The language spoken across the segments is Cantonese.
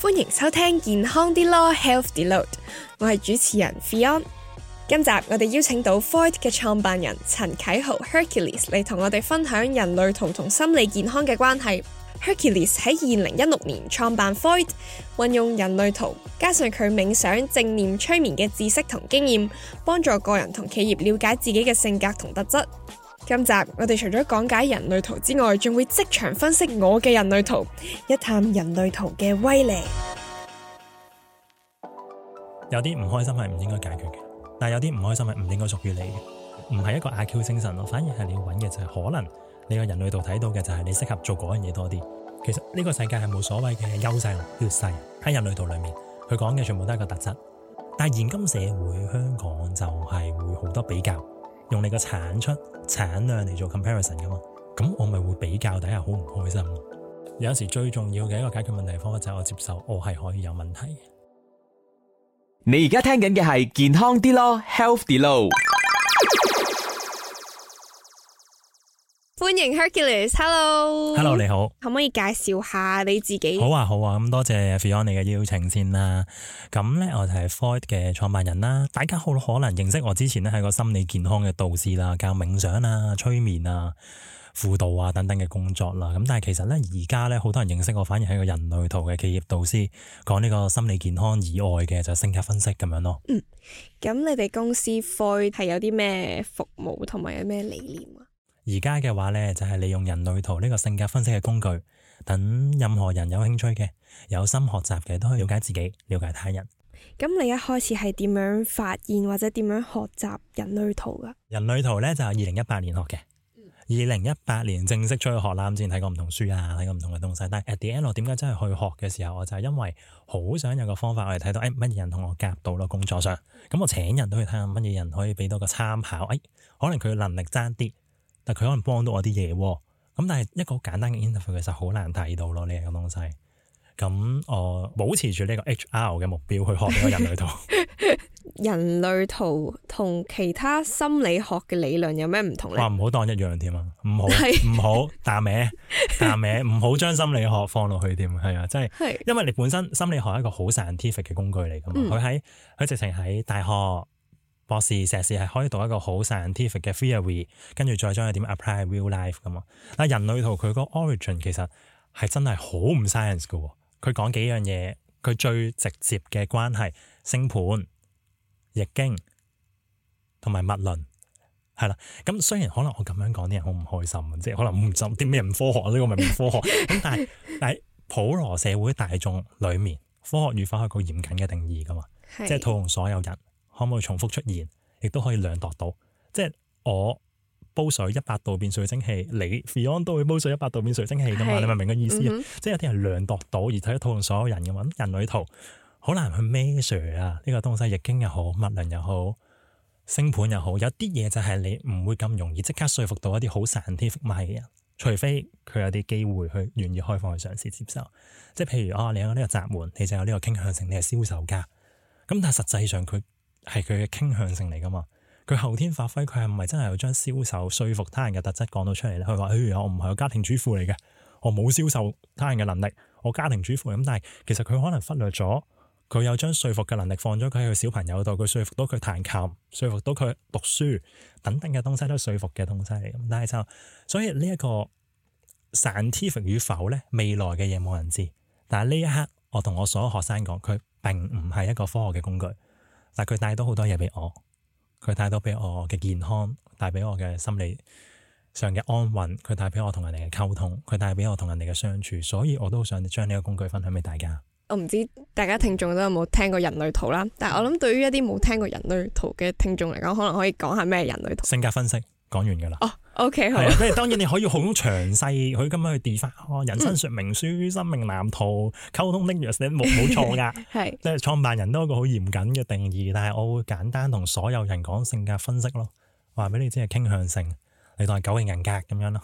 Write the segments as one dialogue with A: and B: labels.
A: 歡迎收聽健康啲咯，Health Deload。我係主持人 Fion，今集我哋邀請到 VOID 嘅創辦人陳啟豪 Hercules 嚟同我哋分享人類圖同心理健康嘅關係。Hercules 喺二零一六年創辦 VOID，運用人類圖加上佢冥想、正念、催眠嘅知識同經驗，幫助個人同企業了解自己嘅性格同特質。今集我哋除咗講解人類圖之外，仲會即場分析我嘅人類圖，一探人類圖嘅威力。
B: 有啲唔開心係唔應該解決嘅，但係有啲唔開心係唔應該屬於你嘅，唔係一個阿 Q 精神咯，反而係你要揾嘅就係可能你個人類圖睇到嘅就係你適合做嗰樣嘢多啲。其實呢個世界係冇所謂嘅優勢劣勢，喺人類圖裏面佢講嘅全部都係一個特質，但係現今社會香港就係會好多比較。用你個產出產量嚟做 comparison 嘛，咁我咪會比較底下好唔開心。有時最重要嘅一個解決問題方法就係、是、我接受，我係可以有問題的。你而家聽緊嘅係健康啲咯，healthy low。
A: 歡迎 Hercules，Hello，Hello，你好，可唔可以介紹下你自己？好啊，
B: 好啊，咁多謝 Fion 你嘅邀請先啦。咁呢，我就係 VOID 嘅創辦人啦。大家好可能認識我之前呢係個心理健康嘅導師啦，教冥想啊、催眠啊、輔導啊、輔導啊等等嘅工作啦。咁但係其實呢，而家呢，好多人認識我，反而係一個人類圖嘅企業導師，講呢個心理健康以外嘅就是性格分析咁樣咯。嗯，
A: 咁你哋公司 VOID 係有啲咩服務同埋有咩理念啊？
B: 而家嘅話咧，就係、是、利用人類圖呢個性格分析嘅工具，等任何人有興趣嘅、有心學習嘅，都可以了解自己，了解他人。
A: 咁你一開始係點樣發現或者點樣學習人類圖噶？
B: 人類圖咧就係二零一八年學嘅。二零一八年正式出去學啦。我之前睇過唔同書啊，睇過唔同嘅東西。但係點解我點解真係去學嘅時候，我就係因為好想有個方法我，哎、我哋睇到乜嘢人同我夾到咯，工作上。咁我請人都去睇下乜嘢人可以俾到個參考、哎。可能佢嘅能力差啲。但佢可能幫到我啲嘢喎，咁但係一個簡單嘅 interview 其實好難睇到咯呢樣東西。咁我保持住呢個 HR 嘅目標去學呢個人類圖。
A: 人類圖同其他心理學嘅理論有咩唔同咧？
B: 哇，唔好當一樣添啊，唔好，唔好， 打歪，打歪，唔好將心理學放落去添，係啊，即係， 的因為你本身心理學係一個好 scientific 嘅工具嚟噶嘛，佢喺佢直情喺大學。博士、碩士係可以讀一個好 scientific 嘅 theory，跟住再將佢點 apply real life 噶嘛。嗱，人類圖佢個 origin 其實係真係好唔 science 嘅喎。佢講幾樣嘢，佢最直接嘅關係，星盤、易經同埋物論，係啦。咁雖然可能我咁樣講啲人好唔開心，即係可能唔點咩唔科學呢個咪唔科學。咁、這個、 但係喺普羅社會大眾裡面，科學與否係個嚴謹嘅定義噶嘛，的即係套用所有人。可唔可以重複出現，亦都可以量度到，即係我煲水一百度變水蒸氣，你 Fion 都會煲水一百度變水蒸氣噶嘛？是你明唔明個意思、嗯、哼即係有啲人量度到，而睇佢討論所有人咁人類圖好難去 measure 啊。呢、這個東西易經又好，物量又好，星盤又好，有啲嘢就係你唔會咁容易即刻說服到一啲好散天福買嘅人，除非佢有啲機會去願意開放去嘗試接受。即係譬如啊，你有呢個閘門，你就有呢個傾向性，你係銷售家咁，但係實際上佢。係佢嘅傾向性嚟噶嘛？佢後天發揮，佢係唔係真係有將銷售說服他人嘅特質講到出嚟咧？佢話：誒，我唔係個家庭主婦嚟嘅，我冇銷售他人嘅能力，我家庭主婦咁。但係其實佢可能忽略咗，佢有將說服嘅能力放咗佢喺佢小朋友度，佢說服到佢彈琴，說服到佢讀書等等嘅東西，都係說服嘅東西嚟。咁但係就所以呢一個 scientific 與否咧，未來嘅嘢冇人知。但係呢一刻，我同我所有學生講，佢並唔係一個科學嘅工具。但係佢帶多好多嘢俾我，佢帶多俾我嘅健康，帶俾我嘅心理上嘅安穩，佢帶俾我同人哋嘅溝通，佢帶俾我同人哋嘅相處，所以我都想將呢個工具分享俾大家。
A: 我唔知大家聽眾都有冇聽過人類圖啦，但係我諗對於一啲冇聽過人類圖嘅聽眾嚟講，可能可以講下咩人類圖？
B: 性格分析講完㗎喇。
A: Oh. O、okay, K，好。係啊，即係當
B: 然你可以好詳細， 去咁樣去 define、哦《人生説明書》《生命藍圖》嗯、溝通的鑰匙冇冇錯㗎。即係 的創辦人都係一個好嚴謹嘅定義，但係我會簡單同所有人講性格分析咯。話俾你知係傾向性，你當係九型人格咁樣咯。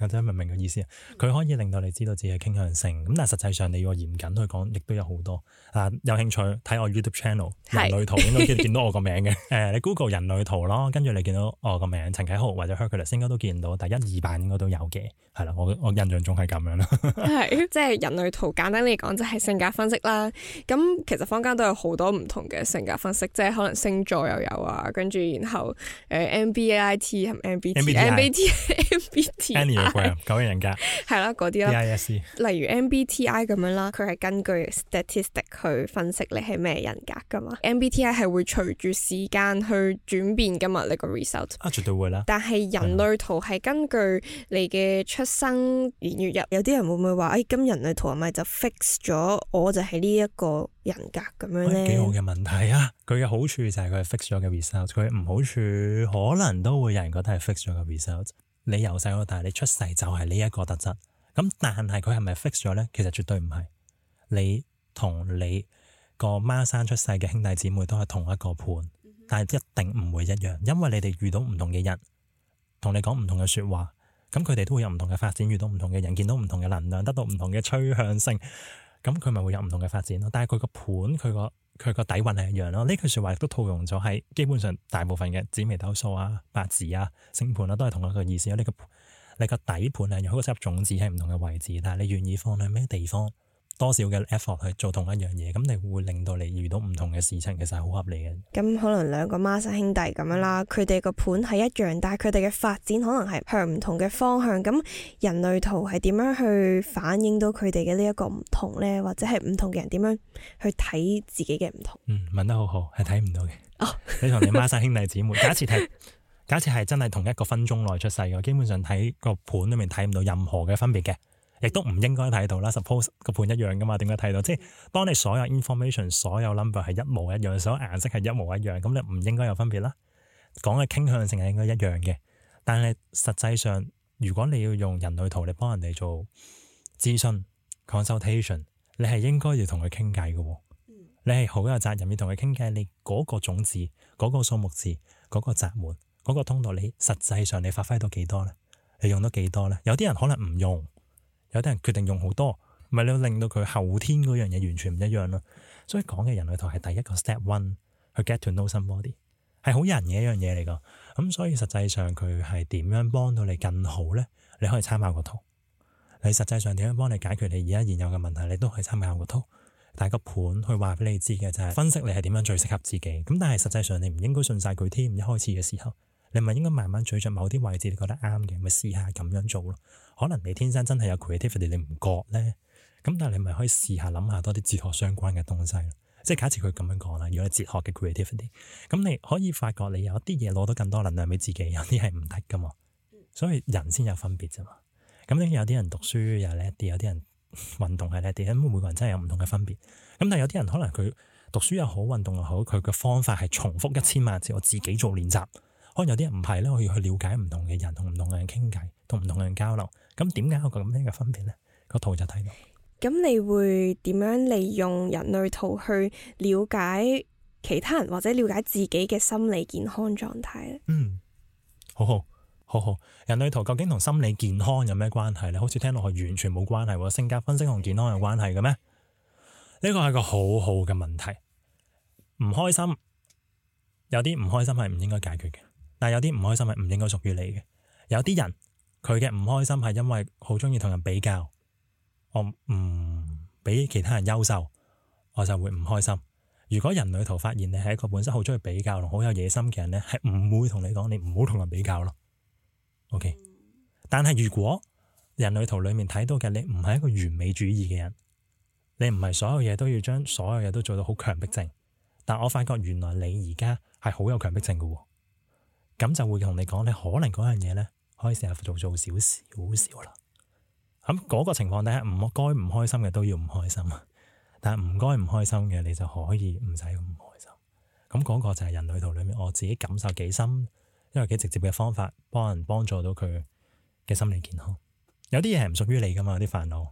B: 有啲明唔明個意思啊？佢可以令到你知道自己嘅傾向性，咁但係實際上你要嚴謹去講，亦都有好多啊！有興趣睇我 YouTube channel 是人類圖，應該見到我個名嘅、 呃。你 Google 人類圖咯，跟住你見到我個名陳啟豪，或者 Hercules 應該都見到，但一、二版應該都有嘅。係啦，我我印象中係咁樣啦。
A: 係，即係人類圖簡單嚟講，就係性格分析啦。咁其實坊間都有好多唔同嘅性格分析，即係可能星座又有啊，跟住然後誒 MBAIT 同埋 n b t m b t 九型人格係啦，嗰啲啦，例如 MBTI 咁樣啦，佢係根據 statistic 去分析你係咩人格噶嘛？MBTI 係會隨住時間去轉變噶嘛？你個 result 啊，
B: 絕對會啦。但
A: 係人類圖係根據你嘅出生年月日，嗯、有啲人會唔會話誒？今、哎、人類圖係咪就 fix 咗？我就係呢一個人格咁樣咧？幾好
B: 嘅問題啊！佢嘅好處就係佢係 fix 咗嘅 result，佢唔好處可能都會有人覺得係 fix 咗嘅 result。你由細到大，你出世就係呢一個特質。咁但係佢係咪 fix 咗呢？其實絕對唔係。你同你個孖生出世嘅兄弟姊妹都係同一個盤，但係一定唔會一樣，因為你哋遇到唔同嘅人，你同你講唔同嘅說話，咁佢哋都會有唔同嘅發展，遇到唔同嘅人，見到唔同嘅能量，得到唔同嘅趨向性，咁佢咪會有唔同嘅發展咯。但係佢個盤，佢個。佢個底蘊係一樣咯，呢句説話亦都套用咗喺基本上大部分嘅紫微斗數啊、八字啊、星盤啊，都係同一個意思。呢、這個你個底盤係用一個執種子喺唔同嘅位置，但係你願意放喺咩地方？多少嘅 effort 去做同一樣嘢，咁你會令到你遇到唔同嘅事情，其實係好合理嘅。
A: 咁可能兩個孖生兄弟咁樣啦，佢哋個盤係一樣，但係佢哋嘅發展可能係向唔同嘅方向。咁人類圖係點樣去反映到佢哋嘅呢一個唔同咧？或者係唔同嘅人點樣去睇自己嘅唔同？嗯，
B: 問得好好，係睇唔到嘅。哦，oh、你同你孖生兄弟姊妹，假設睇 假設係真係同一個分鐘內出世嘅，基本上喺個盤裏面睇唔到任何嘅分別嘅。亦都唔應該睇到啦。Suppose 個盤一樣㗎嘛。點解睇到？即係當你所有 information，所有 number 係一模一樣，所有顏色係一模一樣咁，你唔應該有分別啦。講嘅傾向性係應該一樣嘅，但係實際上如果你要用人類圖嚟幫人哋做諮詢 consultation，你係應該要同佢傾偈嘅。你係好有責任要同佢傾偈。你嗰個種字、嗰個數目字、嗰個閘門、嗰個通道，你實際上你發揮到幾多呢？你用到幾多呢？有啲人可能唔用。有啲人決定用好多，咪你要令到佢後天嗰樣嘢完全唔一樣咯。所以講嘅人類圖係第一個 step one 去 get to know somebody，係好人嘅一樣嘢嚟㗎。咁、嗯、所以實際上佢係點樣幫到你更好咧？你可以參考個圖。你實際上點樣幫你解決你而家現有嘅問題？你都可以參考個圖，帶個盤去話俾你知嘅就係、是、分析你係點樣最適合自己。咁但係實際上你唔應該信晒佢添，一開始嘅時候。你咪應該慢慢追著某啲位置，你覺得啱嘅，咪試下咁樣做咯。可能你天生真係有 creativity，你唔覺咧。咁但係你咪可以試下諗下多啲哲學相關嘅東西咯。即係假設佢咁樣講啦，如果你哲學嘅 creativity，咁你可以發覺你有一啲嘢攞到更多能量俾自己，有啲係唔得噶嘛。所以人先有分別啫嘛。咁有啲人讀書又叻啲，有啲人運動係叻啲，咁每個人真係有唔同嘅分別。咁但係有啲人可能佢讀書又好，運動又好，佢嘅方法係重複一千萬次，我自己做練習。可能有啲人唔係咧，我要去了解唔同嘅人，同唔同嘅人傾偈，同唔同嘅人交流。咁點解有個咁樣嘅分別呢？個圖就
A: 睇到。咁你會點樣利用人類圖去了解其他人或者了解自己嘅心理健康狀態呢？嗯，
B: 好好好好，人類圖究竟同心理健康有咩關係呢？好似聽落去完全冇關係喎。性格分析同健康有關係嘅咩？呢個係個好好嘅問題。唔開心，有啲唔開心係唔應該解決嘅。但係有啲唔開心係唔應該屬於你嘅。有啲人佢嘅唔開心係因為好中意同人比較，我唔比其他人優秀，我就會唔開心。如果人類圖發現你係一個本身好中意比較同好有野心嘅人呢，係唔會同你講你唔好同人比較咯。OK，但係如果人類圖裏面睇到嘅你唔係一個完美主義嘅人，你唔係所有嘢都要將所有嘢都做到好強迫症。但我發覺原來你而家係好有強迫症嘅。咁就會同你講你可能嗰樣嘢呢可以成日做做少少少啦。咁、那、嗰個情況底下，唔該唔開心嘅都要唔開心。但係唔該唔開心嘅，你就可以唔使咁唔開心。咁、那、嗰個就係人類圖裏面我自己感受幾深，因為幾直接嘅方法幫人幫助到佢嘅心理健康。有啲嘢係唔屬於你噶嘛，有啲煩惱。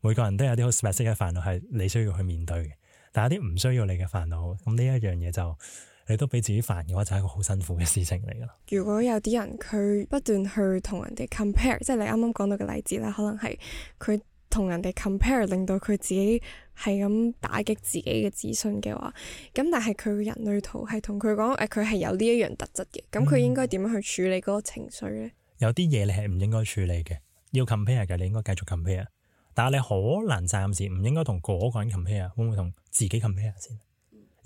B: 每個人都有啲好特色嘅煩惱係你需要去面對嘅，但係啲唔需要你嘅煩惱，咁呢一樣嘢就～你都畀自己煩嘅話，就係、是、一個好辛苦嘅事情嚟噶啦。
A: 如果有啲人佢不斷去同人哋 compare，即係你啱啱講到嘅例子啦，可能係佢同人哋 compare，令到佢自己係咁打擊自己嘅自信嘅話，咁但係佢人類圖係同佢講誒，佢、哎、係有呢一樣特質嘅，咁佢、嗯、應該點樣去處理嗰個情緒咧？
B: 有啲嘢你係唔應該處理嘅，要 compare 嘅，你應該繼續 compare。但係你可能暫時唔應該同嗰個人 compare 啊，會唔會同自己 compare 先？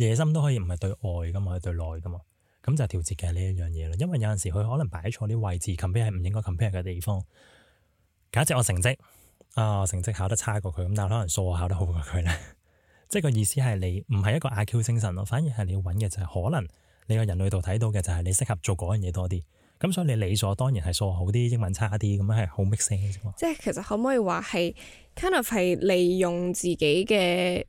B: 野心都可以唔係對外噶嘛，係對內噶嘛。咁就係調節嘅呢一樣嘢咯。因為有陣時佢可能擺錯啲位置，compare 係唔應該 compare 嘅地方。假設我成績啊，成績考得差過佢，咁但係可能數學考得好過佢咧。即係個意思係你唔係一個阿 Q 精神咯，反而係你要揾嘅就係、是、可能你個人類圖睇到嘅就係、是、你適合做嗰樣嘢多啲。咁所以你理所當然係數學好啲，英文差啲，咁樣係好 mixing 啫。
A: 即係其實可唔可以話係 kind of 係利用自己嘅？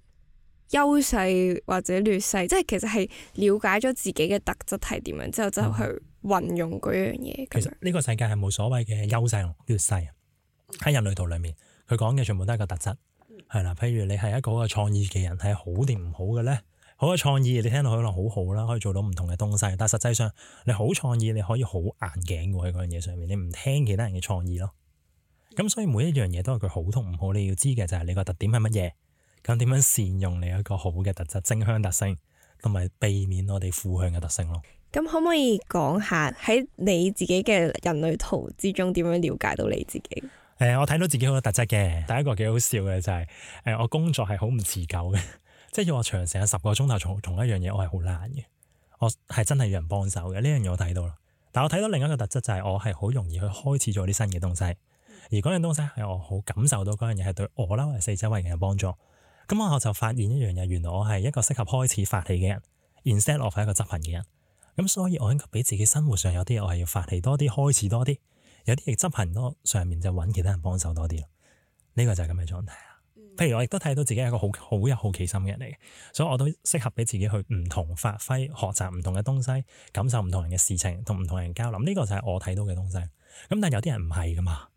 A: 優勢或者劣勢，即係其實係了解咗自己嘅特質係點樣之後之後，就去運用嗰樣嘢。其實
B: 呢個世界係冇所謂嘅優勢同劣勢，喺人類圖裏面，佢講嘅全部都係個特質，係啦。譬如你係一個創意嘅人，係好定唔好嘅呢？好嘅創意，你聽到可能好好啦，可以做到唔同嘅東西。但係實際上你好創意，你可以好硬頸喺嗰樣嘢上面，你唔聽其他人嘅創意咯。咁所以每一樣嘢都係佢好同唔好，你要知嘅就係你個特點係乜嘢。咁點樣善用你一個好嘅特質，正向特性，同埋避免我哋負向嘅特性咯？
A: 咁可唔可以講下喺你自己嘅人類圖之中，點樣了解到你自己？誒、
B: 呃，我睇到自己好多特質嘅，第一個幾好笑嘅就係、是，誒、呃，我工作係好唔持久嘅，即係要我長時間十個鐘頭做同一樣嘢，我係好難嘅，我係真係要人幫手嘅呢樣嘢我睇到啦。但我睇到另一個特質就係，我係好容易去開始做啲新嘅東西，而嗰樣東西係我好感受到嗰樣嘢係對我啦，或者四周圍人有幫助。咁我就發現一樣嘢，原來我係一個適合開始發起嘅人，instead of 係一個執行嘅人。咁所以，我應該俾自己生活上有啲我係要發起多啲，開始多啲，有啲亦執行多上面就揾其他人幫手多啲，呢個就係咁嘅狀態啦。嗯、譬如我亦都睇到自己係一個好好有好奇心嘅人嚟，所以我都適合俾自己去唔同發揮、學習唔同嘅東西、感受唔同人嘅事情、同唔同人交流。呢個就係我睇到嘅東西。咁但係有啲人唔係噶嘛，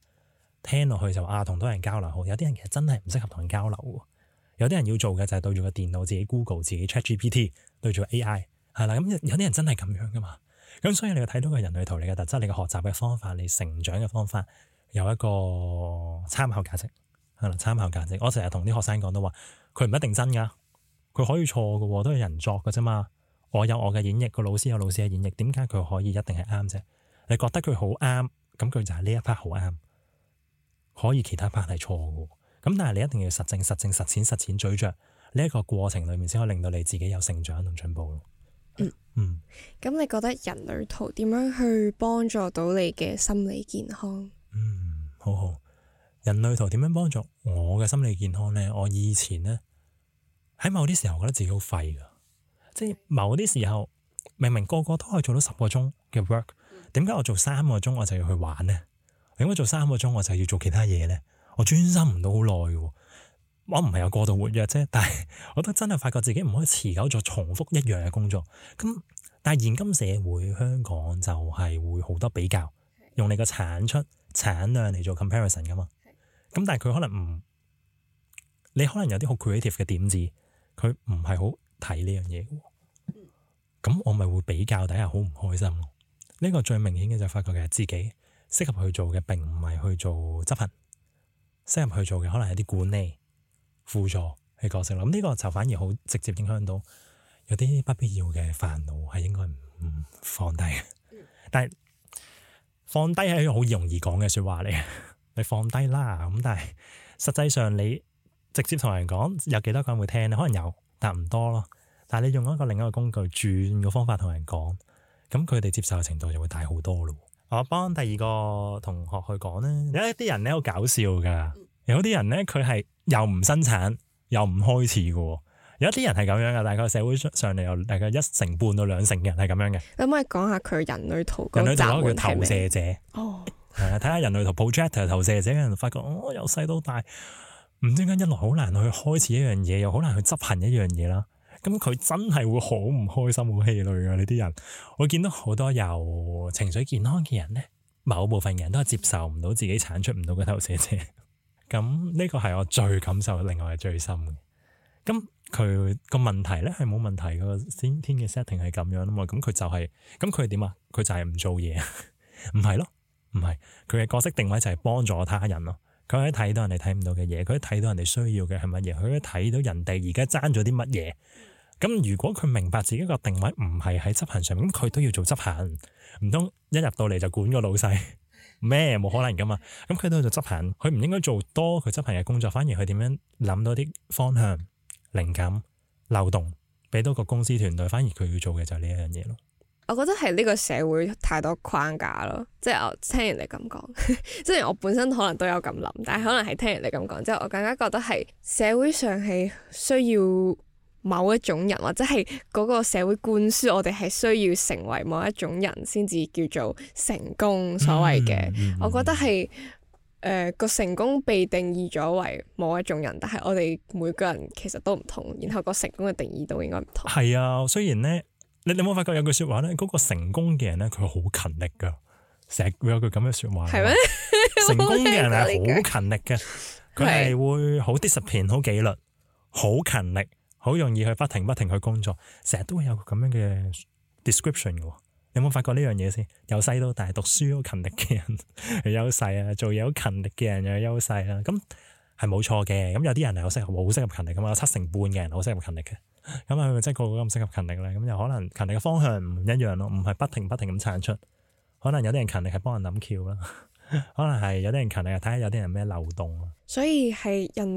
B: 聽落去就話啊，同多人交流好。有啲人其實真係唔適合同人交流。有啲人要做嘅就係對住個電腦自己 Google 自己 ChatGPT 對住個 AI 係啦，咁有啲人真係咁樣噶嘛？咁所以你睇到個人類圖你嘅特質，你嘅學習嘅方法，你成長嘅方法有一個參考價值係啦，參考價值。我成日同啲學生講都話，佢唔一定真噶，佢可以錯噶，都係人作噶啫嘛。我有我嘅演繹，個老師有老師嘅演繹。點解佢可以一定係啱啫？你覺得佢好啱，咁佢就係呢一 part 好啱，可以其他 part 係錯噶。咁但係你一定要實證、實證、實踐、實踐，咀嚼呢一個過程裏面，先可以令到你自己有成長同進步咯。嗯
A: 嗯，咁、嗯、你覺得人類圖點樣去幫助到你嘅心理健康？嗯，
B: 好好，人類圖點樣幫助我嘅心理健康呢？我以前呢，喺某啲時候覺得自己好廢噶，即係某啲時候明明個個都可以做到十個鐘嘅 work，點解我做三個鐘我就要去玩呢？點解做三個鐘我就要做其他嘢呢？我專心唔到好耐嘅，我唔係有過度活躍啫。但係我都真係發覺自己唔可以持久做重複一樣嘅工作。咁但係現今社會香港就係會好多比較，用你個產出產量嚟做 comparison 噶嘛。咁但係佢可能唔你可能有啲好 creative 嘅點子，佢唔係好睇呢樣嘢。咁我咪會比較一，底下好唔開心。呢個最明顯嘅就發覺其實自己適合去做嘅並唔係去做執行。深入去做嘅，可能係啲管理輔助嘅角色咯。咁呢個就反而好直接影響到有啲不必要嘅煩惱，係應該唔放低。但係放低係一個好容易講嘅説話嚟，你放低啦。咁但係實際上你直接同人講，有幾多個人會聽？可能有，但唔多咯。但係你用一個另一個工具轉個方法同人講，咁佢哋接受嘅程度就會大好多咯。我幫第二個同學去講咧，有一啲人咧好搞笑噶，有啲人咧佢係又唔生產又唔開始嘅，有一啲人係咁樣噶，大概社會上嚟大概一成半到兩成嘅人係咁樣嘅。
A: 可唔可以講下佢人類圖？人類圖嗰個叫投射
B: 者。哦麼，係啊，睇下人類圖 projector 投射者嘅、哦、人，發覺我由細到大，唔知點解一來好難去開始一樣嘢，又好難去執行一樣嘢啦。咁佢真係會好唔開心、好氣餒啊！呢啲人，我見到好多由情緒健康嘅人咧，某部分人都係接受唔到自己產出唔到嘅投射者。咁呢個係我最感受，另外係最深嘅。咁佢個問題咧係冇問題嘅，先天嘅 setting 係咁樣啊嘛。咁佢就係，咁佢點啊？佢就係唔做嘢，唔係咯，唔係。佢嘅角色定位就係幫助他人咯。佢可以睇到人哋睇唔到嘅嘢，佢可以睇到人哋需要嘅係乜嘢，佢可以睇到人哋而家爭咗啲乜嘢。咁如果佢明白自己個定位唔係喺執行上，咁佢都要做執行，唔通一入到嚟就管個老細咩？冇 可能噶嘛！咁佢都要做執行，佢唔應該做多佢執行嘅工作，反而佢點樣諗到啲方向、靈感、漏洞俾到個公司團隊，反而佢要做嘅就係呢一樣嘢咯。
A: 我覺得係呢個社會太多框架咯，即係我聽人哋咁講，即係我本身可能都有咁諗，但係可能係聽人哋咁講之後，即係我更加覺得係社會上係需要某一種人，或者係嗰個社會灌輸我哋係需要成為某一種人先至叫做成功所謂嘅，嗯嗯、我覺得係誒個成功被定義咗為某一種人，但係我哋每個人其實都唔同，然後個成功嘅定義都應該唔同。
B: 係啊，雖然咧，你你有冇發覺有句説話咧？嗰、嗰個成功嘅人咧，佢好勤力噶，成日會有句咁嘅説話。係咩是嗎？ 成功嘅人係好勤力嘅，佢係 會好 discipline、好紀律、好勤力。好容易去不停不停去工作，成日都會有咁樣嘅 description 嘅喎。你有冇發覺呢樣嘢先？由細到大讀書好勤力嘅人有優勢啦，做嘢好勤力嘅人又有優勢啦。咁係冇錯嘅。咁有啲人係好適合，好適合勤力嘅嘛。有七成半嘅人好適合勤力嘅。咁啊，咪真係個個都咁適合勤力咧。咁又可能勤力嘅方向唔一樣咯，唔係不停不停咁產出。可能有啲人勤力係幫人諗橋啦，可能係有啲人勤力係睇下有啲人咩漏洞。
C: 所以係人。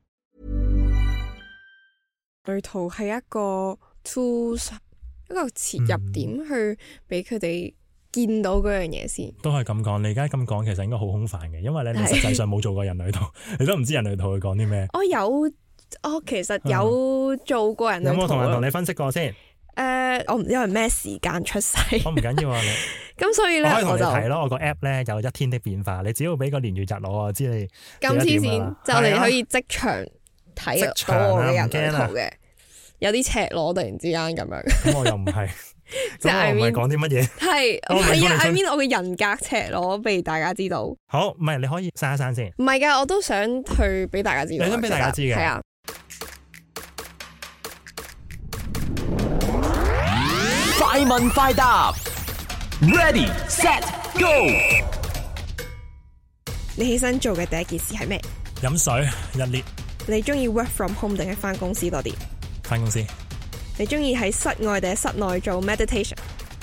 A: 旅途係一個 two 一個切入點，去俾佢哋見到嗰樣嘢先。
B: 都係咁講，你而家咁講，其實應該好空泛嘅，因為咧，你實際上冇做過人類圖，是的 你都唔知人類圖會講啲咩。
A: 我有，我其實有做過人類圖。有冇同人同你分析過先？誒、呃，我唔知係咩時間出世。我唔緊要，要啊，你。咁 所以咧，我，以我就係咯，
B: 我個 app 咧有一天的變化。你只要俾個年月日我，我知你。咁黐線，就你、是、可以
A: 即場、啊。睇錯鏡頭嘅，有啲赤裸突然之間咁樣。咁我又唔係，即係我唔係講啲乜嘢。係我唔係講，I mean，我嘅人格赤裸俾大家知道。
B: 好，唔係，你可以散一散先。
A: 唔係噶，我都想去俾大家知。你想俾大家知嘅？係啊。快問快答，Ready Set Go。你起身做嘅第一件事係咩？
B: 飲水一列。
A: 你中意 work from home 定係返公司多啲？
B: 返公司。
A: 你中意喺室外定係室內做 meditation？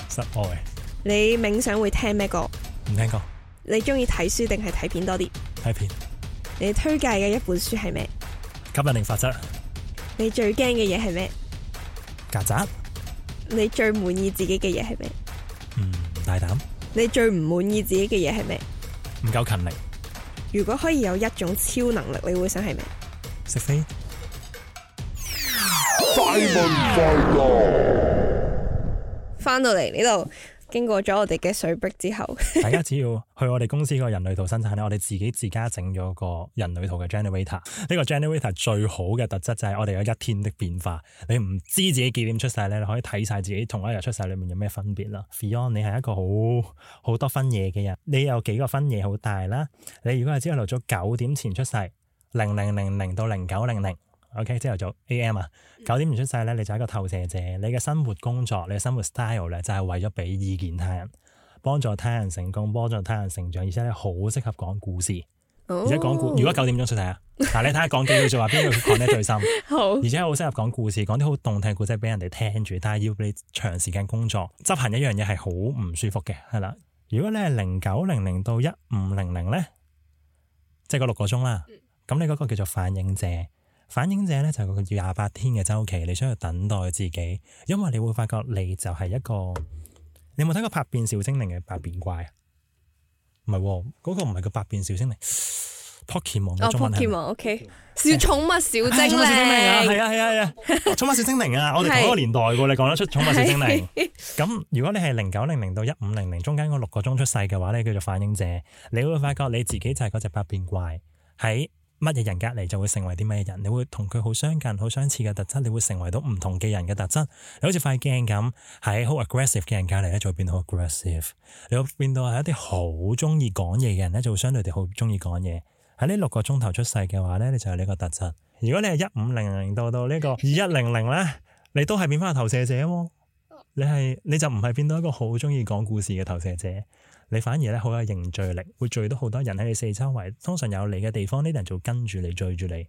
B: 室外。室室外
A: 你冥想會聽咩歌？唔聽歌。你中意睇書定係睇片多啲？睇片。你推介嘅一本書係咩？
B: 吸引力法則。
A: 你最驚嘅嘢係咩？
B: 曱甴。
A: 你最滿意自己嘅嘢係咩？嗯，
B: 大膽。
A: 你最唔滿意自己嘅嘢係咩？
B: 唔夠勤力。
A: 如果可以有一種超能力，你會想係咩？識飛！翻到嚟呢度，經過咗我哋嘅水壁之後， 大
B: 家只要去我哋公司個人類圖生產咧，我哋自己自家整咗個人類圖嘅 generator。呢、這個 generator 最好嘅特質就係我哋有一天的變化。你唔知自己幾點出世咧，你可以睇晒自己同一日出世裏面有咩分別啦。Fion，你係一個好好多分嘢嘅人，你有幾個分嘢好大啦。你如果係朝頭早九點前出世。零零零零到零九零零，OK，朝頭早 AM 啊。九點唔出世咧，你就係一個投射者，你嘅生活、工作、你嘅生活 style 咧，就係為咗俾意見他人，幫助他人成功，幫助他人成長，而且咧好適合講故事，oh。而且講故。如果九點鐘出世啊，嗱你睇下講幾句說話，話邊個講得最深， 好而且好適合講故事，講啲好動聽故事俾人哋聽住。但係要俾你長時間工作，執行一樣嘢係好唔舒服嘅，係啦。如果你係零九零零到一五零零咧，00, 即係嗰六個鐘啦。咁你嗰個叫做反應者，反應者咧就係個叫廿八天嘅周期，你出去等待自己，因為你會發覺你就係一個，你有冇睇過百變小精靈嘅百變怪啊？唔係喎，嗰、嗰個唔係叫《百變小精靈，Pokemon 嘅中文係。
A: Pokemon，OK，小寵物小精靈，係啊係啊係啊，寵
B: 物小精靈啊，我哋嗰個年代噶，你講得出寵物小精靈。咁 是 如果你係零九零零到一五零零中間嗰六個鐘出世嘅話咧，叫做反應者，你會發覺你自己就係嗰隻百變怪喺。乜嘢人隔離就會成為啲乜嘢人？你會同佢好相近、好相似嘅特質，你會成為到唔同嘅人嘅特質。你好似塊鏡咁，喺好 aggressive 嘅人隔離咧，就會變到 aggressive。你會變到係一啲好中意講嘢嘅人咧，就會相對地好中意講嘢。喺呢六個鐘頭出世嘅話呢，你就係呢個特質。 如果你係一五零零到到呢個二一零零咧，你都係變翻投射者喎。你係，你就唔係變到一個好中意講故事嘅投射者。你反而咧好有凝聚力，會聚到好多人喺你四周圍。通常有你嘅地方，啲人就會跟住你聚住你。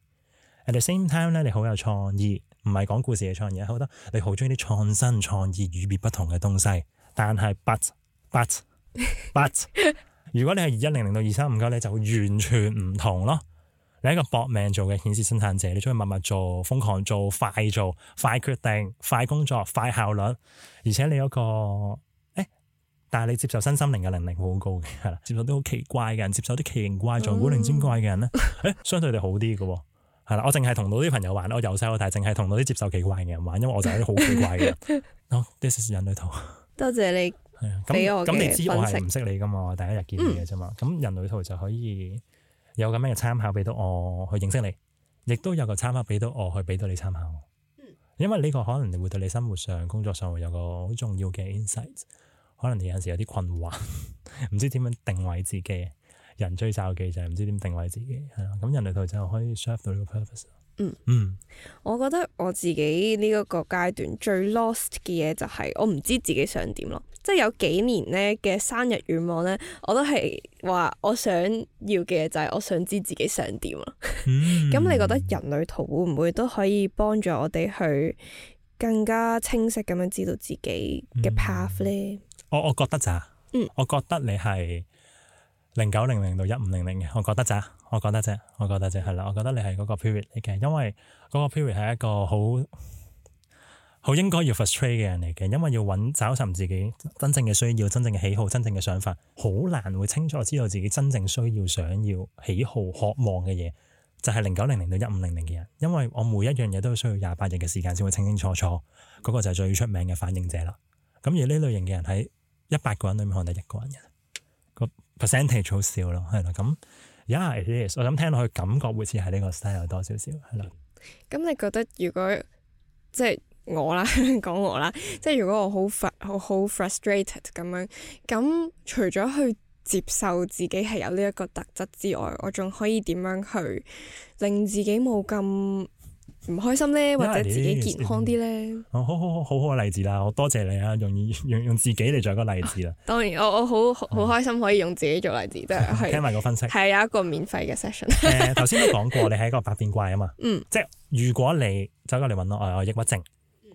B: At the same time 咧，你好有創意，唔係講故事嘅創意好多。你好中意啲創新、創意與別不同嘅東西。但係 but but but， 如果你係二一零零到二三五九，35, 你就會完全唔同咯。你係一個搏命做嘅顯示生產者，你中意默默做、瘋狂做、快做、快決定、快工作、快效率，而且你嗰、嗰個。但係你接受新心靈嘅能力會好高嘅。係啦，接受啲好奇怪嘅人，接受啲奇形怪狀、古靈精怪嘅人咧，欸，相對哋好啲嘅，係啦。我淨係同到啲朋友玩，我由細到大淨係同到啲接受奇怪嘅人玩，因為我就係啲好奇怪嘅人。 oh, this is 人類圖。
A: 多謝你， 係咁你知我係唔
B: 識你噶嘛？第一日見你嘅啫嘛。咁、嗯、人類圖就可以有咁樣嘅參考，俾到我去認識你，亦都有個參考俾到我去俾到你參考。因為呢個可能會對你生活上、工作上會有個好重要嘅 insight。可能有陣時有啲困惑，唔知點樣定位自己。人追獸嘅就係唔知點定位自己，係咯。咁人類圖就可以 serve 到呢個 purpose。嗯嗯，嗯，
A: 我覺得我自己呢一個階段最 lost 嘅嘢就係我唔知自己想點咯。即係有幾年咧嘅生日願望咧，我都係話我想要嘅就係我想知自己想點咯。咁、嗯、 你覺得人類圖會唔會都可以幫助我哋去更加清晰咁樣知道自己嘅 path 咧？嗯
B: 我我覺得咋？我覺得你係零九零零到一五零零嘅，我覺得咋？我覺得咋？我覺得咋？係啦，我覺得你係嗰個 period 嚟嘅，因為嗰個 period 係一個好好應該要 frustrate 嘅人嚟嘅，因為要揾找尋自己真正嘅需要、真正嘅喜好、真正嘅想法，好難會清楚知道自己真正需要、想要、喜好、渴望嘅嘢，就係零九零零到一五零零嘅人，因為我每一樣嘢都需要廿八日嘅時間先會清清楚楚，嗰、那個就係最出名嘅反應者啦。咁而呢類型嘅人喺一百個人裏面可能得一個人嘅個 percentage 好少咯，係啦。咁 yeah，it is 我諗聽落去感覺會似係呢個 style 有多少少係啦。
A: 咁、嗯、你覺得如果即係我啦，講我啦，即係如果我好 fr 好好 frustrated 咁樣，咁除咗去接受自己係有呢一個特質之外，我仲可以點樣去令自己冇咁？唔開心咧，或者自己健康啲咧。
B: 好、嗯哦、好好，好好嘅例子啦，我多謝你啊，用以用用自己嚟做一個例子啦、啊。
A: 當然，我我好好開心可以用自己做例子，即係、嗯。去聽埋個分析。係有一個免費嘅 session。誒、
C: 呃，頭先都講過，
B: 你係一個百變怪啊嘛。
C: 嗯、
A: 即係
B: 如果你走過嚟問我，我抑鬱症，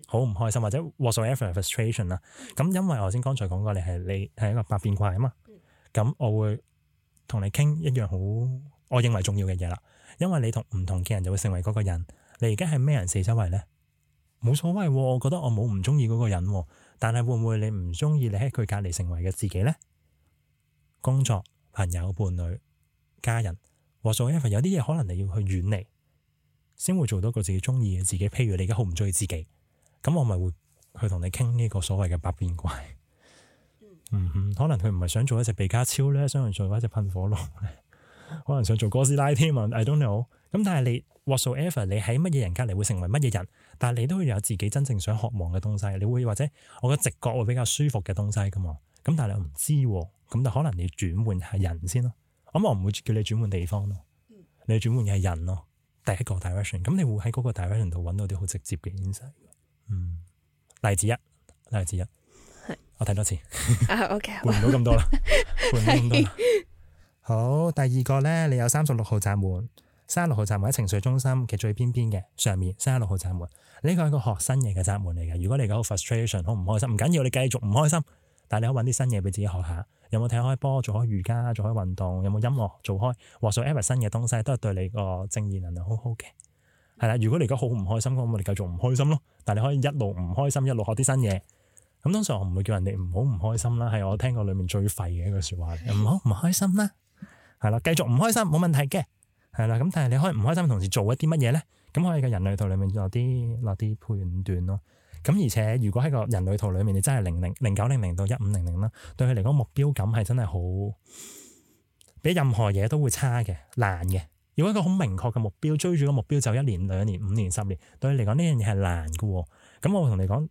B: 好唔開心，或者 whatsoever frustration 啦，咁因為我先剛才講過，你係你係一個百變怪啊嘛。嗯。咁我會同你傾一樣好我認為重要嘅嘢啦，因為你同唔同嘅人就會成為嗰個人。你而家係咩人？四周圍呢？冇所謂、啊。我覺得我冇唔中意嗰個人、啊，但係會唔會你唔中意你喺佢隔籬成為嘅自己呢？工作、朋友、伴侶、家人，whatsoever 有啲嘢，可能你要去遠離，先會做到個自己中意嘅自己。譬如你而家好唔中意自己，咁我咪會去同你傾呢個所謂嘅百變怪。 可能佢唔係想做一隻比卡超咧，想去做一隻噴火龍咧， 可能想做哥斯拉添啊！I don't know。咁但係你。whatever 你喺乜嘢人隔籬會成為乜嘢人，但係你都會有自己真正想渴望嘅東西，你會或者我嘅直覺會比較舒服嘅東西噶嘛，咁但係你又唔知，咁就可能你轉換下人先咯，咁我唔會叫你轉換地方咯，你轉換嘅係人咯，第一個 direction，咁你會喺嗰個 direction 度揾到啲好直接嘅 instance 嗯，例子一，例子一，是我睇多次，啊、
A: okay， 換唔到咁多啦， 換唔到咁多啦，
B: 是好，第二個咧，你有三十六號閘門。三十六號閘門喺情緒中心嘅最邊邊嘅上面，三十六號閘門呢個係個學新嘢嘅閘門嚟嘅。如果你而家好 frustration，好唔開心，唔緊要，你繼續唔開心，但係你可以搵啲新嘢俾自己學下。有冇睇開波？做開瑜伽，做開運動？有冇音樂？做開，學熟 e v e r 新嘅東西，都係對你個正念能力好好嘅。係啦，如果你而家好唔開心，我哋繼續唔開心咯。但係你可以一路唔開心，一路學啲新嘢。咁通常我唔會叫人哋唔好唔開心啦。係我聽過裏面最廢嘅一句說話，唔好唔開心啦，啊。係啦，繼續唔開心冇問題嘅。係啦，咁但係你可以唔開心同時做一啲乜嘢咧？咁可以個人類圖裡面落啲落啲判斷咯。咁而且如果喺個人類圖裡面你真係零零零九零零到一五零零啦，00, 對佢嚟講目標感係真係好比任何嘢都會差嘅難嘅。如果一個好明確嘅目標追住個目標就一年兩年五年十年，對佢嚟講呢樣嘢係難嘅。咁我同你講，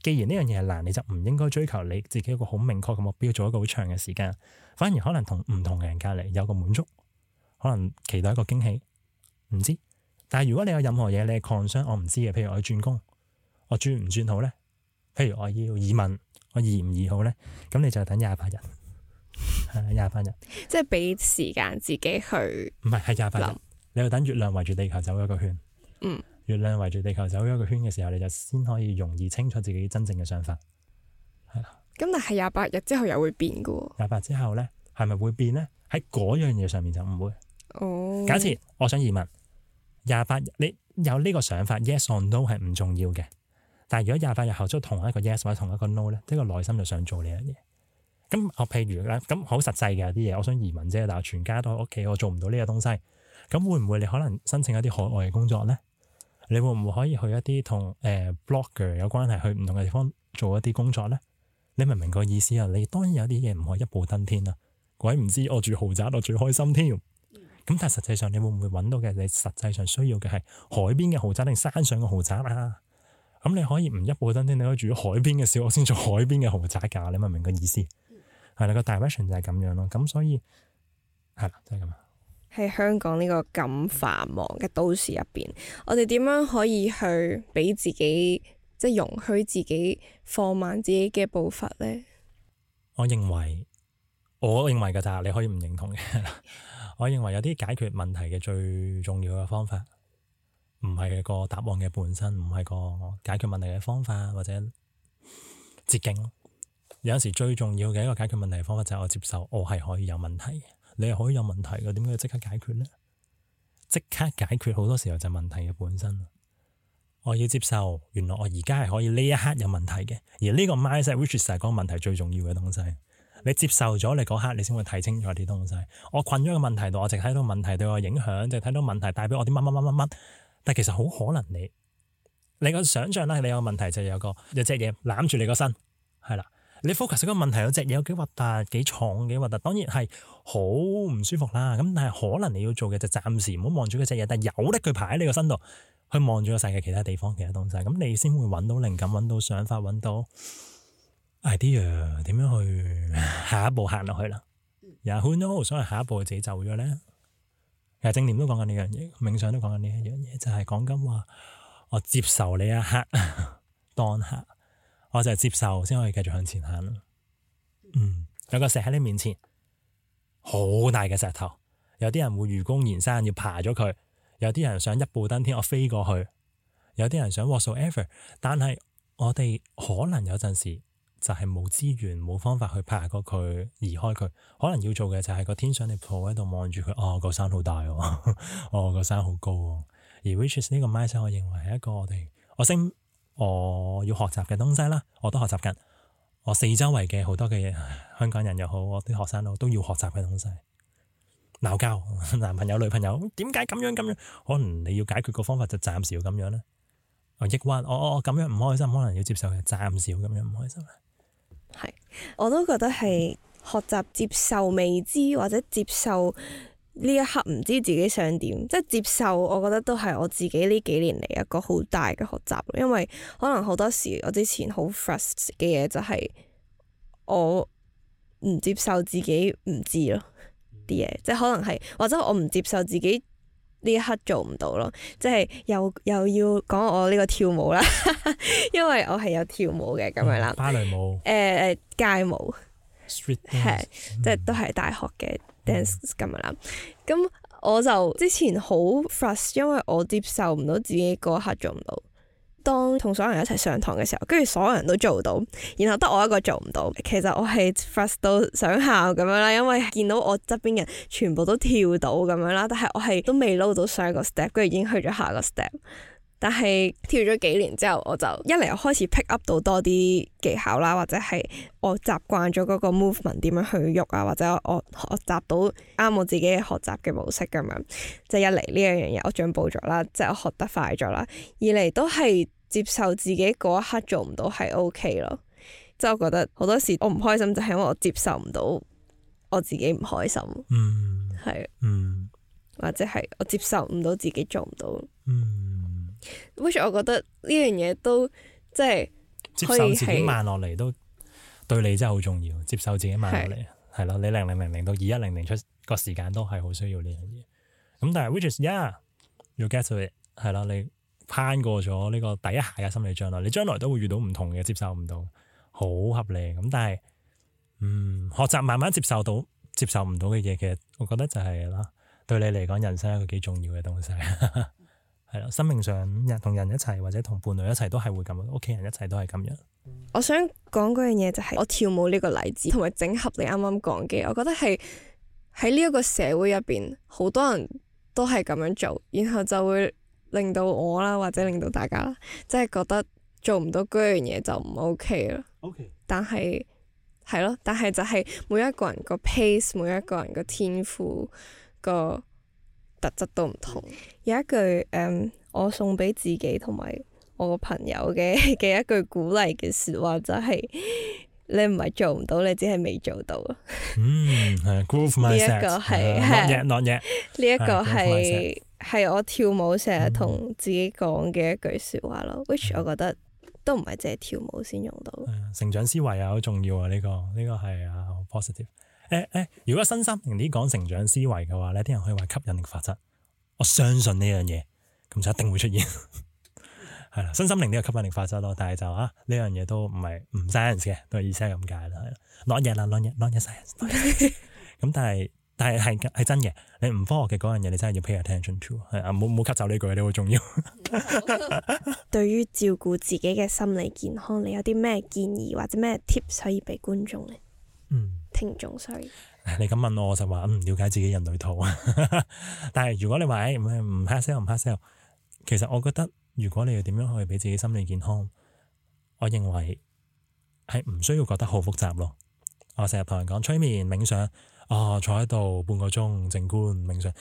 B: 既然呢樣嘢係難，你就唔應該追求你自己一個好明確嘅目標，做一個好長嘅時間，反而可能同唔同嘅人隔籬有個滿足。可能期待一個驚喜，唔知。但係如果你有任何嘢，你嘅 concern，我唔知嘅。譬如我要轉工，我轉唔轉好咧？譬如我要移民，我移唔移好咧？咁你就等廿八 日，係廿八日，
A: 即係俾時間自己去
B: 唔係係廿八日， 你要等月亮圍住地球走一個圈。嗯，月亮圍住地球走一個圈嘅時候，你就先可以容易清楚自己真正嘅想法。
A: 係啦。咁 但係廿八日之後又會變噶喎？
B: 廿八之後咧，係咪會變咧？喺嗰樣嘢上面就唔會。假設我想移民廿八日，你有呢個想法，yes or no 係唔重要嘅。但係如果廿八日後做同一個 yes 或者同一個 no 咧，呢個內心就想做呢樣嘢。咁我譬如咧，咁好實際嘅啲嘢，我想移民啫，但係全家都喺屋企，我做唔到呢個東西。咁會唔會你可能申請一啲海外嘅工作咧？你會唔會可以去一啲同誒、呃、blogger 有關係，去唔同嘅地方做一啲工作咧？你明唔明個意思啊？你當然有啲嘢唔可以一步登天啊！鬼唔知我住豪宅，我最開心添！咁但係實際上，你會唔會揾到嘅？你實際上需要嘅係海邊嘅豪宅定山上嘅豪宅啊？咁你可以唔一步登天，你可以住喺海邊嘅小屋，先做海邊嘅豪宅㗎。你明唔明個意思？係啦、嗯，個 direction 就係咁樣咯。咁所以係啦，就係咁啦。
A: 喺香港呢個咁繁忙嘅都市入邊，我哋點樣可以去俾自己即係容許自己放慢自己嘅步伐呢？
B: 我認為。我認為㗎咋，你可以唔認同嘅。 我認為有啲解決問題嘅最重要嘅方法，唔係個答案嘅本身，唔係個解決問題嘅方法或者捷徑。有陣時最重要嘅一個解決問題嘅方法就係我接受，我係可以有問題，你係可以有問題嘅。點解要即刻解決呢？即刻解決好多時候就係問題嘅本身。我要接受，原來我而家係可以呢一刻有問題嘅，而呢個 mindset which 就係嗰個問題最重要嘅東西。你接受咗你嗰刻，你先會睇清楚啲東西。我困咗個問題度，我淨睇到問題對我影響，淨睇到問題帶俾我啲乜乜乜乜乜。但其實好可能你，你個想像啦，你有個問題就有一個有一隻嘢攬住你個身，係啦。你 focus 嗰個問題，有隻嘢有幾核突、幾重、幾核突，當然係好唔舒服啦。咁但係可能你要做嘅就暫時唔好望住嗰隻嘢，但係有得佢排喺你個身度，去望住個世界其他地方其他東西，咁你先會揾到靈感、揾到想法、揾到 idea 點樣去下一步行落去啦？然後 who knows，想係下一步自己走咗咧。其實正念都講緊呢樣嘢，冥想都講緊呢一樣嘢，就係講緊話我接受你一、啊、刻當刻，我就係接受先可以繼續向前行咯。嗯，有個石喺你面前，好大嘅石頭。有啲人會愚公移山要爬咗佢，有啲人想一步登天，我飛過去，有啲人想 whatever。但係我哋可能有陣時。就係冇資源，冇方法去爬過佢，移開佢，可能要做嘅就係個天上力破喺度望住佢。哦，個山好大喎、哦，哦，個山好高喎、哦。而 which is 呢個 master 我認為係一個我哋我升我要學習嘅東西啦。我都學習緊，我四周圍嘅好多嘅香港人又好，我啲學生都都要學習嘅東西。鬧交，男朋友女朋友點解咁樣咁樣？可能你要解決個方法就暫時咁樣咧、哦。抑鬱，我我我咁樣唔開心，可能要接受嘅暫時咁樣唔開心。
A: 係，我都覺得係學習接受未知，或者接受呢一刻唔知自己想點，即係接受。我覺得都係我自己呢幾年嚟一個好大嘅學習，因為可能好多時我之前好 frust 嘅嘢就係我唔接受自己唔知咯啲嘢，即係可能係或者我唔接受自己。呢一刻做唔到咯，即係又又要講我呢個跳舞啦， 因為我係有跳舞嘅咁樣啦，哦、芭蕾舞，誒、呃、街舞，係即係都係大學嘅 dance 嗯、咁樣啦。咁我就之前好 frustrated，因為我接受唔到自己嗰一刻做唔到。當同所有人一齊上堂嘅時候，跟住所有人都做到，然後得我一個做唔到。其實我係 first 到想喊咁樣啦，因為見到我側邊人全部都跳到咁樣啦，但係我係都未撈到上個 step，跟住已經去咗下個 step。但係跳咗幾年之後，我就一嚟開始 pick up 到多啲技巧啦，或者係我習慣咗嗰個 movement 點樣去喐啊，或者我我習到啱我自己學習嘅模式咁樣。即係一嚟呢樣嘢我進步咗啦，即係我學得快咗啦。二嚟都係。接受自己嗰一刻做唔到係 OK 咯，即係我覺得好多時我唔開心就係因為我接受唔到我自己唔開心，嗯，係，嗯，或者係我接受唔到自己做唔到，嗯，which 我覺得呢樣嘢都即係接受自己慢落
B: 嚟都對你真係好重要，接受自己慢落嚟係咯，你零零零零到二一零零出個時間都係好需要呢樣嘢。咁但係 which is yeah you get to it 係啦你。攀過咗呢個第一下嘅心理障礙，你將來都會遇到唔同嘅，接受唔到，好合理。咁但係，嗯，學習慢慢接受到，接受唔到嘅嘢，其實我覺得就係啦，對你嚟講，人生一個幾重要嘅東西，係 啦，生命上人同人一齊，或者同伴侶一齊，都係會咁，屋企人一齊都係咁樣。
A: 我想講嗰樣嘢就係我跳舞呢個例子，同埋整合你啱啱講嘅，我覺得係喺呢一個社會入邊，好多人都係咁樣做，然後就會。令到我啦，或者令到大家，即係覺得做唔到嗰樣嘢就唔 OK 啦。OK。但係係咯，但係就係每一個人個 pace，每一個人個天賦個特質都唔同。嗯、有一句誒，um, 我送俾自己同埋我個朋友嘅嘅一句鼓勵嘅説話就係、是：你唔係做唔到，你只係未做到
B: 啦。嗯、 mm，係呢一個係係。growth mindset 呢一個係。Uh,
A: 係我跳舞成日同自己講嘅一句說話咯、嗯、，which 我覺得都唔係淨係跳舞先用到。
B: 成長思維啊好重要啊呢、呢個呢、呢個係啊好 positive。誒誒，如果身心靈啲講成長思維嘅話呢啲人可以話吸引力法則。我相信呢樣嘢，咁就一定會出現。係啦，身心靈呢個吸引力法則咯，但係就啊呢樣嘢都唔係唔 science 嘅，都係意思係咁解啦，係啦。落日啦，落日落日 science，咁但係。但係係係真嘅，你唔科學嘅嗰樣嘢，你真係要 pay attention to 係啊。冇冇吸走呢句，你好重要。
A: 對於照顧自己嘅心理健康，你有啲咩建議或者咩 tips 可以俾觀眾咧？嗯，聽眾，sorry，
B: 你咁問我，我就話唔了解自己人類圖。 但係如果你話誒唔唔 hard sell 唔 hard sell，其實我覺得如果你要點樣去俾自己心理健康，我認為係唔需要覺得好複雜咯。我成日同人講催眠冥想。啊、哦，坐喺度半個鐘靜觀冥想，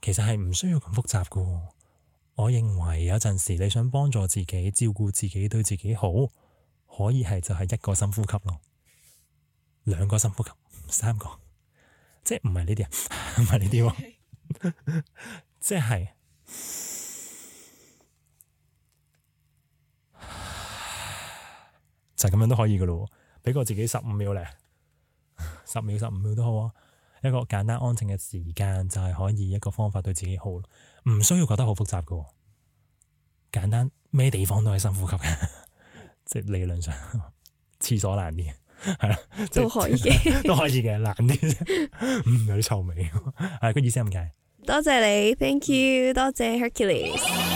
B: 其實係唔需要咁複雜噶。我認為有陣時你想幫助自己、照顧自己、對自己好，可以係就係一個深呼吸咯，兩個深呼吸，三個，即係唔係呢啲，唔係呢啲喎，即係就係、是、咁樣都可以噶咯。畀個自己十五秒咧。十秒、十五秒都好啊，一個簡單安靜嘅時間就係可以一個方法對自己好，唔需要覺得好複雜嘅，簡單咩地方都係深呼吸嘅， 即係理論上，廁所難啲，係
C: 啦，都可以， 都
B: 可以嘅，難啲，嗯，有啲臭味，係， 個意思係咁解。
A: 多謝你，Thank you，多謝 Hercules。